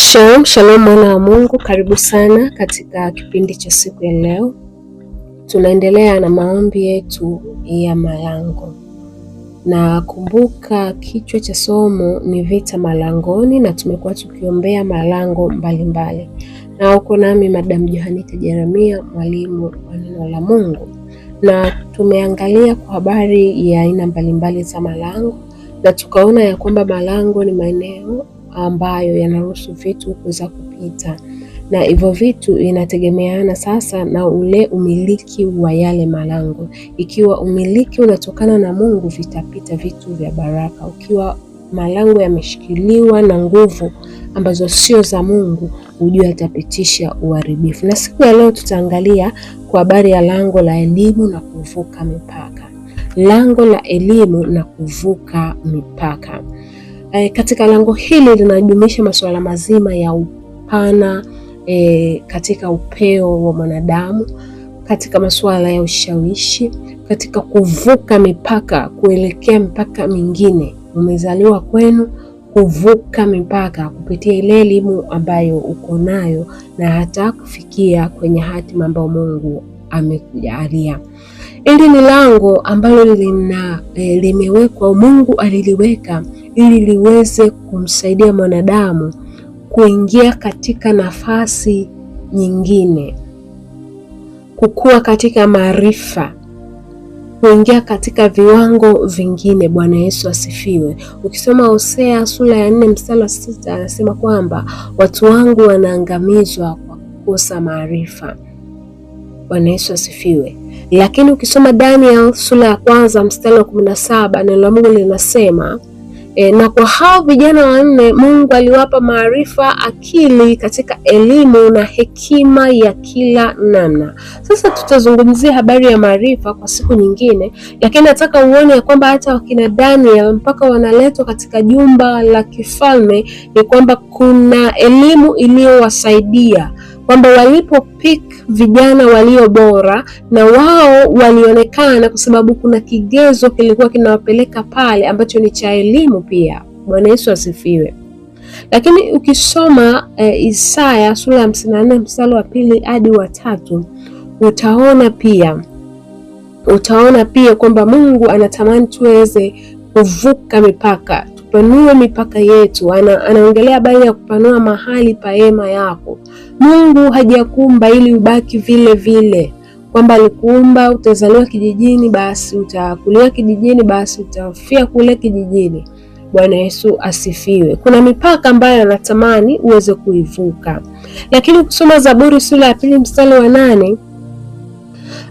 Shalom, shalom mwana wa Mungu, karibu sana katika kipindi cha siku ya leo. Tunaendelea na maombi yetu ya malango, na kumbuka kichwa cha somo ni vita malangoni, na tumekuwa tukiombea malango mbalimbali, na uko nami Madam Johanita Jeremia, mwalimu wa neno la Mungu, na tumeangalia kwa habari ya aina mbalimbali za malango na tukaona ya kwamba malango ni maeneo ambayo yanaruhusu vitu kuweza kupita, na hivyo vitu inategemeana sasa na ule umiliki wa yale malango. Ikiwa umiliki unatokana na Mungu, vitapita vitu vya baraka. Ukiwa malango yameshikiliwa na nguvu ambazo sio za Mungu, hujue atapitisha uharibifu. Na siku ya leo tutaangalia kwa habari ya lango la elimu na kuvuka mipaka, lango la elimu na kuvuka mipaka. E, katika lango hili linajumuisha masuala mazima ya upana e, katika upeo wa mwanadamu, katika masuala ya ushawishi, katika kuvuka mipaka kuelekea mipaka mingine. Umezaliwa kwenu kuvuka mipaka kupitia ile elimu ambayo uko nayo na hata kufikia kwenye hatima ambayo Mungu amekujalia. Hili ni lango ambalo lina e, limewekwa Mungu aliliweka ili liweze kumsaidia mwanadamu kuingia katika nafasi nyingine, kukua katika maarifa, kuingia katika viwango vingine. Bwana Yesu asifiwe. Ukisoma Hosea sura ya nne mstari wa sita anasema kwamba watu wangu wanaangamizwa kwa kukosa maarifa. Bwana Yesu asifiwe. Lakini ukisoma Daniel sura ya kwanza mstari wa kumi na saba neno la Mungu linasema E, na kwa hao vijana wanne Mungu aliwapa maarifa, akili katika elimu na hekima ya kila namna. Sasa tutazungumzia habari ya maarifa kwa siku nyingine, lakini nataka uone ya kwamba hata wakina Daniel mpaka wanaletwa katika jumba la kifalme ni kwamba kuna elimu iliyowasaidia kwamba walipo pick vijana walio bora na wao walionekana, kwa sababu kuna kigezo kilikuwa kinawapeleka pale ambacho ni cha elimu pia. Bwana Yesu asifiwe. Lakini ukisoma e, Isaya sura ya 54 mstari wa pili hadi wa tatu utaona pia utaona pia kwamba Mungu anatamani tuweze kuvuka mipaka tupanue mipaka yetu. Ana, anaongelea habari ya kupanua mahali pa hema yako. Mungu hajakuumba ili ubaki vile vile, kwamba alikuumba utazaliwa kijijini basi utakulia kijijini basi utafia kule kijijini. Bwana Yesu asifiwe. Kuna mipaka ambayo anatamani uweze kuivuka, lakini ukisoma Zaburi sura ya pili mstari wa nane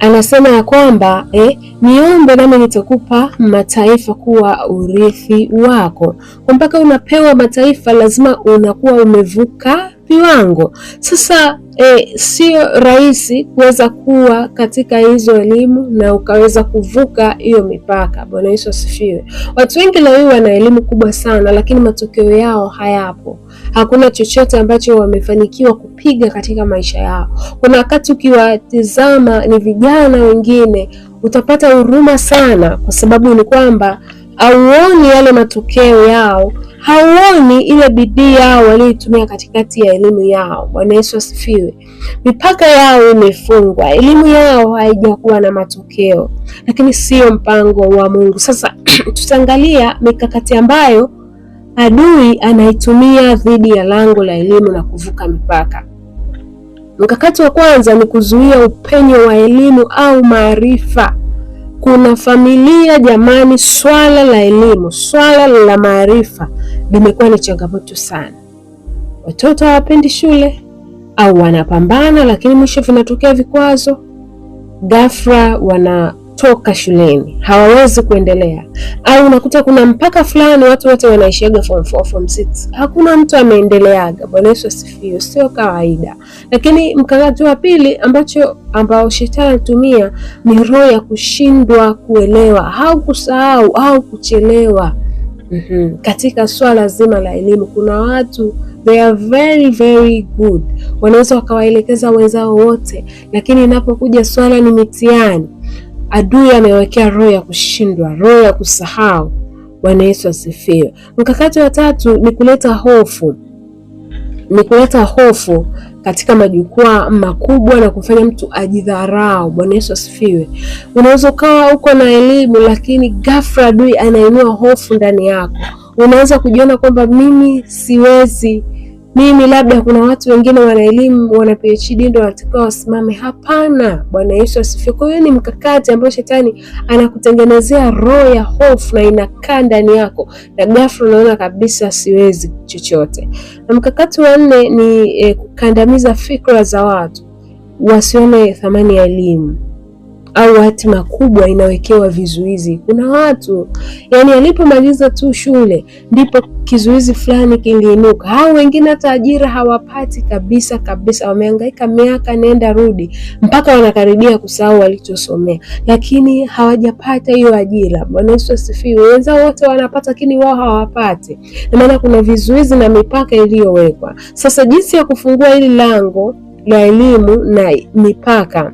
anasema ya kwamba eh, niombe nami nitakupa mataifa kuwa urithi wako. Kwa mpaka unapewa mataifa, lazima unakuwa umevuka viwango. Sasa eh, sio rahisi kuweza kuwa katika hizo elimu na ukaweza kuvuka hiyo mipaka. Bwana Yesu asifiwe. Watu wengi leo wana elimu kubwa sana, lakini matokeo yao hayapo hakuna chochote ambacho wamefanikiwa kupiga katika maisha yao. Kuna wakati ukiwatizama ni vijana wengine utapata huruma sana, kwa sababu ni kwamba hauoni yale matokeo yao, hauoni ile bidii yao walioitumia katikati ya elimu yao. Bwana Yesu asifiwe. Mipaka yao imefungwa, elimu yao haijakuwa na matokeo, lakini sio mpango wa Mungu. Sasa tutaangalia mikakati ambayo adui anaitumia dhidi ya lango la elimu na kuvuka mipaka. Mkakati wa kwanza ni kuzuia upenyo wa elimu au maarifa. Kuna familia jamani, swala la elimu, swala la maarifa limekuwa ni changamoto sana. Watoto hawapendi shule au wanapambana, lakini mwisho vinatokea vikwazo, ghafla wana kutoka shuleni hawawezi kuendelea, au unakuta kuna mpaka fulani watu wote wanaishiaga form 4 form 6, hakuna mtu ameendeleaga Bwana Yesu asifiwe. Sio kawaida, lakini mkakati wa pili ambacho ambao shetani anatumia ni roho ya kushindwa kuelewa au kusahau au kuchelewa. Mm -hmm. Katika swala zima la elimu kuna watu they are very very good, wanaweza wakawaelekeza wenzao wote, lakini inapokuja swala ni mitihani Adui amewekea roho ya kushindwa, roho ya kusahau. Bwana Yesu asifiwe. Mkakati wa tatu ni kuleta hofu, ni kuleta hofu katika majukwaa makubwa na kufanya mtu ajidharau. Bwana Yesu asifiwe. Unaweza ukawa uko na elimu, lakini ghafla adui anainua hofu ndani yako. Unaweza kujiona kwamba mimi siwezi mimi labda kuna watu wengine wana elimu wana PhD ndio wanatakiwa wasimame. Hapana, Bwana Yesu asifiwe. Kwa hiyo ni mkakati ambao shetani anakutengenezea roho ya hofu na inakaa ndani yako, na ghafla unaona kabisa siwezi chochote. Na mkakati wa nne ni eh, kukandamiza fikra za watu wasione thamani ya elimu au hatima kubwa inawekewa vizuizi. Kuna watu yani, alipomaliza tu shule ndipo kizuizi fulani kiliinuka. Hao wengine hata ajira hawapati kabisa kabisa, wameangaika miaka nenda rudi, mpaka wanakaribia kusahau walichosomea, lakini hawajapata hiyo ajira. Bwana Yesu asifiwe. Wenzao wote wanapata, lakini wao hawapati, na maana kuna vizuizi na mipaka iliyowekwa. Sasa jinsi ya kufungua hili lango la elimu na mipaka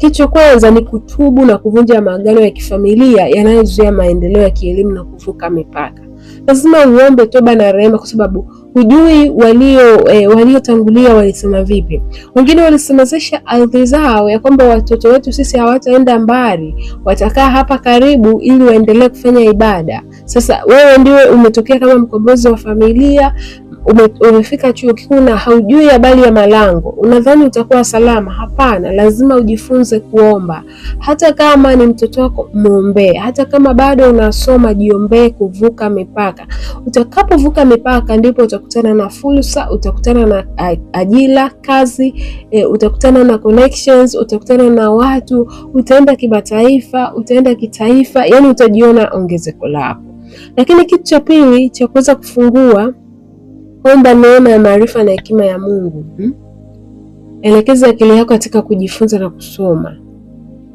Kicho kwanza ni kutubu na kuvunja maagano ya kifamilia yanayozuia maendeleo ya kielimu na kuvuka mipaka. Lazima uombe toba na rehema, kwa sababu hujui walio e, waliotangulia walisema vipi. Wengine walisemezesha ardhi zao ya kwamba watoto wetu sisi hawataenda mbali, watakaa hapa karibu ili waendelee kufanya ibada. Sasa wewe ndiwe umetokea kama mkombozi wa familia ume, umefika chuo kikuu na haujui habari ya malango, unadhani utakuwa salama? Hapana, lazima ujifunze kuomba. Hata kama ni mtoto wako, mwombee. Hata kama bado unasoma, jiombee kuvuka mipaka. Utakapovuka mipaka, ndipo utakutana na fursa, utakutana na ajira, kazi e, utakutana na connections, utakutana na watu, utaenda kimataifa, utaenda kitaifa, yani utajiona ongezeko lako. Lakini kitu cha pili cha kuweza kufungua omba neema ya maarifa na hekima ya Mungu hmm? Elekeza akili yako katika kujifunza na kusoma.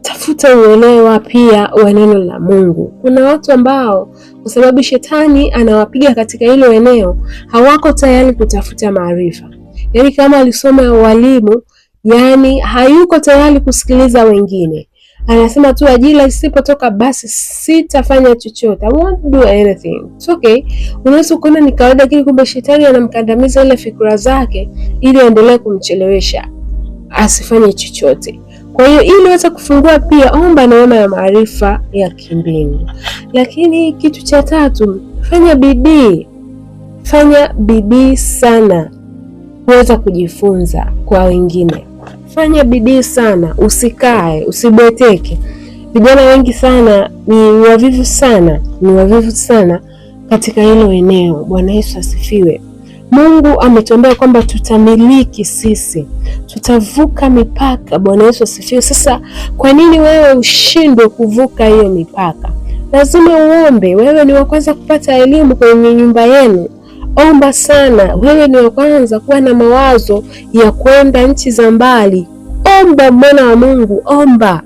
Tafuta uelewa pia wa neno la Mungu. Kuna watu ambao kwa sababu shetani anawapiga katika hilo eneo, hawako tayari kutafuta maarifa, yaani kama alisoma walimu, yaani hayuko tayari kusikiliza wengine anasema tu ajira isipotoka basi sitafanya chochote, I won't do anything. It's okay, unaweza kuona ni kawaida, lakini kumbe shetani anamkandamiza ile fikra zake ili aendelee kumchelewesha asifanye chochote. Kwa hiyo ili uweze kufungua pia, omba neema ya maarifa ya kimbingu. Lakini kitu cha tatu, fanya bidii, fanya bidii sana kuweza kujifunza kwa wengine fanya bidii sana, usikae, usibweteke. Vijana wengi sana ni wavivu sana, ni wavivu sana katika hilo eneo. Bwana Yesu asifiwe. Mungu ametuambia kwamba tutamiliki sisi, tutavuka mipaka. Bwana Yesu asifiwe. Sasa kwa nini wewe ushindwe kuvuka hiyo mipaka? Lazima uombe. Wewe ni wa kwanza kupata elimu kwenye nyumba yenu, omba sana, wewe ni wa kwanza kuwa na mawazo ya kwenda nchi za mbali. Omba mwana wa Mungu, omba.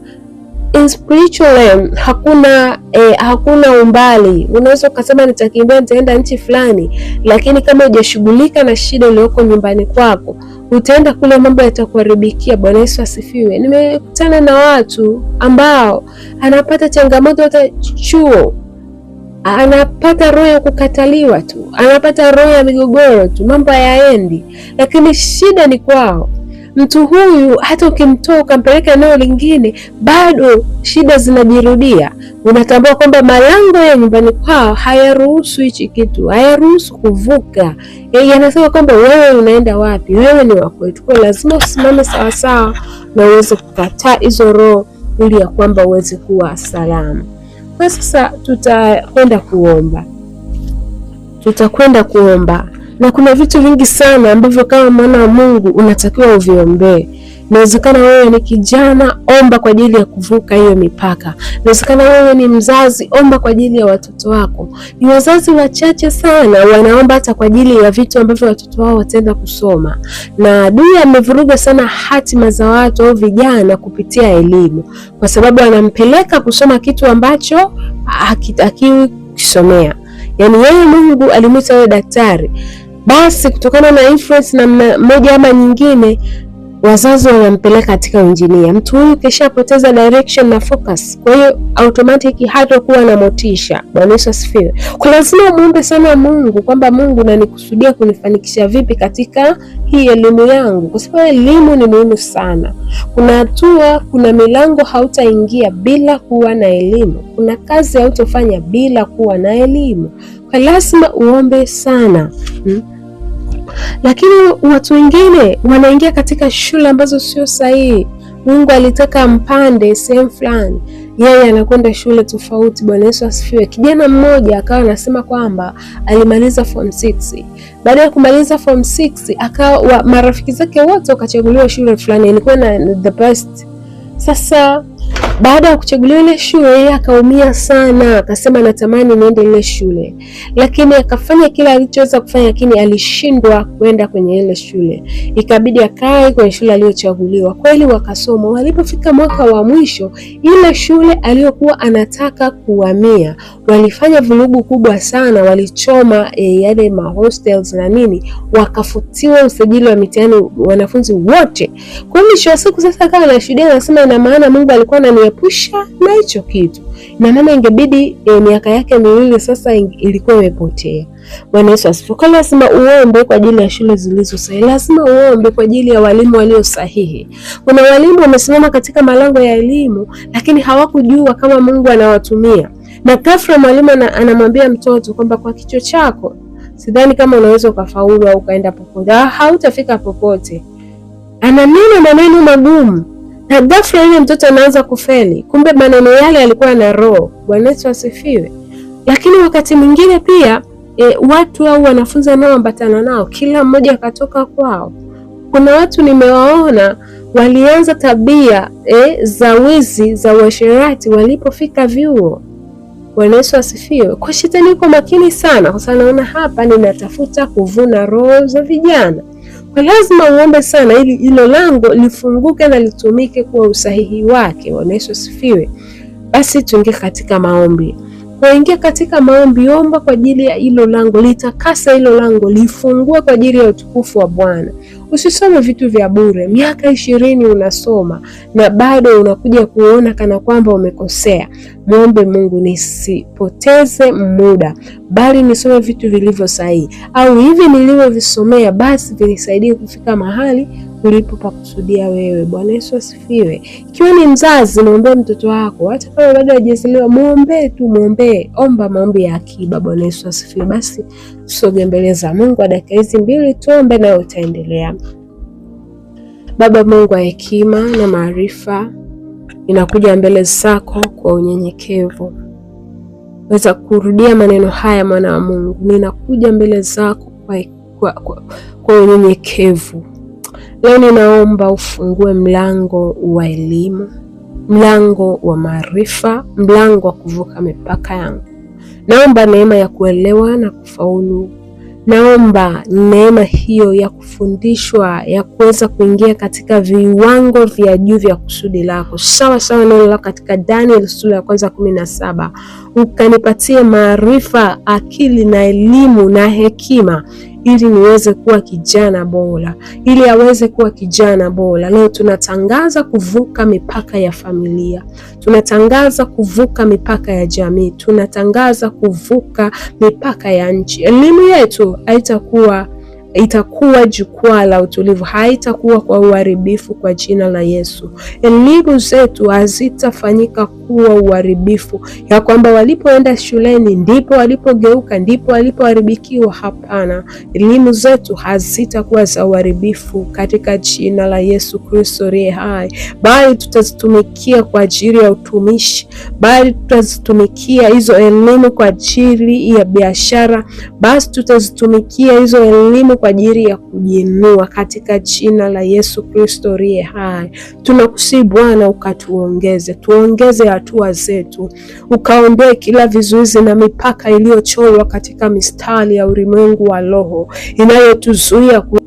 In spiritual realm, hakuna eh, hakuna umbali. Unaweza ukasema nitakimbia nitaenda nchi fulani, lakini kama hujashughulika na shida iliyoko nyumbani kwako utaenda kule, mambo yatakuharibikia. Bwana Yesu asifiwe. Nimekutana na watu ambao anapata changamoto hata chuo anapata roho ya kukataliwa tu, anapata roho ya migogoro tu, mambo hayaendi. Lakini shida ni kwao. Mtu huyu hata ukimtoa ukampeleka eneo lingine, bado shida zinajirudia. Unatambua kwamba malango ya nyumbani kwao hayaruhusu hichi kitu, hayaruhusu kuvuka. Eh, yanasema kwamba wewe unaenda wapi? Wewe ni wakwetu kwetu, kwa lazima usimame sawasawa na uweze kukataa hizo roho, ili ya kwamba uweze kuwa salama. Kwa sasa tutakwenda kuomba, tutakwenda kuomba, na kuna vitu vingi sana ambavyo kama mwana wa Mungu unatakiwa uviombee. Inawezekana wewe ni kijana, omba kwa ajili ya kuvuka hiyo mipaka. Inawezekana wewe ni mzazi, omba kwa ajili ya watoto wako. Ni wazazi wachache sana wanaomba hata kwa ajili ya vitu ambavyo watoto wao wataenda kusoma, na adui amevuruga sana hatima za watu au vijana kupitia elimu, kwa sababu anampeleka kusoma kitu ambacho hakitakiwi kusomea. Yaani yeye Mungu alimwita wewe daktari, basi kutokana na influence na moja ama nyingine wazazi wanampeleka katika injinia. Mtu huyu kishapoteza direction na focus, kwa hiyo automatic hatakuwa na motisha. Bwana Yesu asifiwe. Kwa lazima muombe sana Mungu kwamba Mungu, nanikusudia kunifanikisha vipi katika hii elimu yangu, kwa sababu elimu ni muhimu sana. Kuna hatua, kuna milango hautaingia bila kuwa na elimu, kuna kazi hautofanya bila kuwa na elimu. Kwa lazima uombe sana hmm? Lakini watu wengine wanaingia katika shule ambazo sio sahihi. Mungu alitaka mpande sehemu fulani, yeye anakwenda shule tofauti. Bwana Yesu asifiwe. Kijana mmoja akawa anasema kwamba alimaliza form 6. Baada ya kumaliza form 6, akawa marafiki zake wote wakachaguliwa shule fulani, ilikuwa na the best. Sasa baada ya kuchaguliwa ile shule, yeye akaumia sana, akasema natamani niende ile shule, lakini akafanya kila alichoweza kufanya, lakini alishindwa kwenda kwenye ile shule, ikabidi akae kwenye shule aliyochaguliwa. Kweli wakasoma, walipofika mwaka wa mwisho, ile shule aliyokuwa anataka kuhamia, walifanya vurugu kubwa sana, walichoma e, yale ma hostels na nini, wakafutiwa usajili wa mitihani wanafunzi wote. Kwa mwisho wa siku sasa akawa anashuhudia, anasema ina maana Mungu alikuwa anani kujiepusha na hicho kitu. Na mama ingebidi e, miaka yake miwili sasa ilikuwa imepotea. Bwana Yesu asifiwe. Kwa lazima uombe kwa ajili ya shule zilizo sahihi, lazima uombe kwa ajili ya walimu walio sahihi. Kuna walimu wamesimama katika malango ya elimu, lakini hawakujua kama Mungu anawatumia. Na ghafla mwalimu anamwambia mtoto kwamba kwa kicho chako sidhani kama unaweza ukafaulu au ukaenda popote, ah, hautafika popote. neno maneno magumu na ghafla yule mtoto anaanza kufeli. Kumbe maneno yale yalikuwa na roho. Bwana Yesu asifiwe. Lakini wakati mwingine pia e, watu au wanafunzi wanaoambatana nao kila mmoja akatoka kwao. Kuna watu nimewaona walianza tabia e, za wizi za uasherati walipofika vyuo. Bwana Yesu asifiwe. Kwa shetani yuko makini sana, kwa sababu anaona hapa ninatafuta kuvuna roho za vijana kwa lazima uombe sana ili hilo lango lifunguke na litumike kwa usahihi wake. Bwana Yesu asifiwe. Basi tuingie katika maombi. Waingia katika maombi, omba kwa ajili ya hilo lango, litakasa hilo lango, lifungue kwa ajili ya utukufu wa Bwana. Usisome vitu vya bure. Miaka ishirini unasoma na bado unakuja kuona kana kwamba umekosea. Mwombe Mungu, nisipoteze muda, bali nisome vitu vilivyo sahihi, au hivi nilivyovisomea basi vinisaidie kufika mahali kulipo pa kusudia wewe. Bwana Yesu asifiwe. Ikiwa ni mzazi, muombe mtoto wako, hata kama bado hajazaliwa, muombe tu, muombe, omba maombi ya akiba. Bwana Yesu asifiwe. Basi tusoge mbele za Mungu kwa dakika hizi mbili, tuombe na utaendelea. Baba Mungu wa hekima na maarifa, ninakuja mbele zako kwa unyenyekevu weza kurudia maneno haya, mwana wa Mungu, ninakuja mbele zako kwa, kwa, kwa, kwa unyenyekevu Leo ninaomba yaani ufungue mlango wa elimu, mlango wa maarifa, mlango wa kuvuka mipaka yangu. Naomba neema ya kuelewa na kufaulu. Naomba neema hiyo ya kufundishwa, ya kuweza kuingia katika viwango vya juu vya kusudi lako, sawa sawa neno lako katika Daniel sura ya kwanza kumi na saba, ukanipatie maarifa, akili na elimu na hekima ili niweze kuwa kijana bora, ili aweze kuwa kijana bora. Leo tunatangaza kuvuka mipaka ya familia, tunatangaza kuvuka mipaka ya jamii, tunatangaza kuvuka mipaka ya nchi. Elimu yetu haitakuwa itakuwa jukwaa la utulivu, haitakuwa kwa uharibifu kwa jina la Yesu. Elimu zetu hazitafanyika kuwa uharibifu, ya kwamba walipoenda shuleni ndipo walipogeuka, ndipo walipoharibikiwa. Hapana, elimu zetu hazitakuwa za uharibifu katika jina la Yesu Kristo rie hai, bali tutazitumikia kwa ajili ya utumishi, bali tutazitumikia hizo elimu kwa ajili ya biashara, basi tutazitumikia hizo elimu kwa ajili ya kujinua katika jina la Yesu Kristo aliye hai. Tunakusii Bwana ukatuongeze, tuongeze hatua zetu, ukaondoe kila vizuizi na mipaka iliyochorwa katika mistari ya ulimwengu wa roho inayotuzuia ku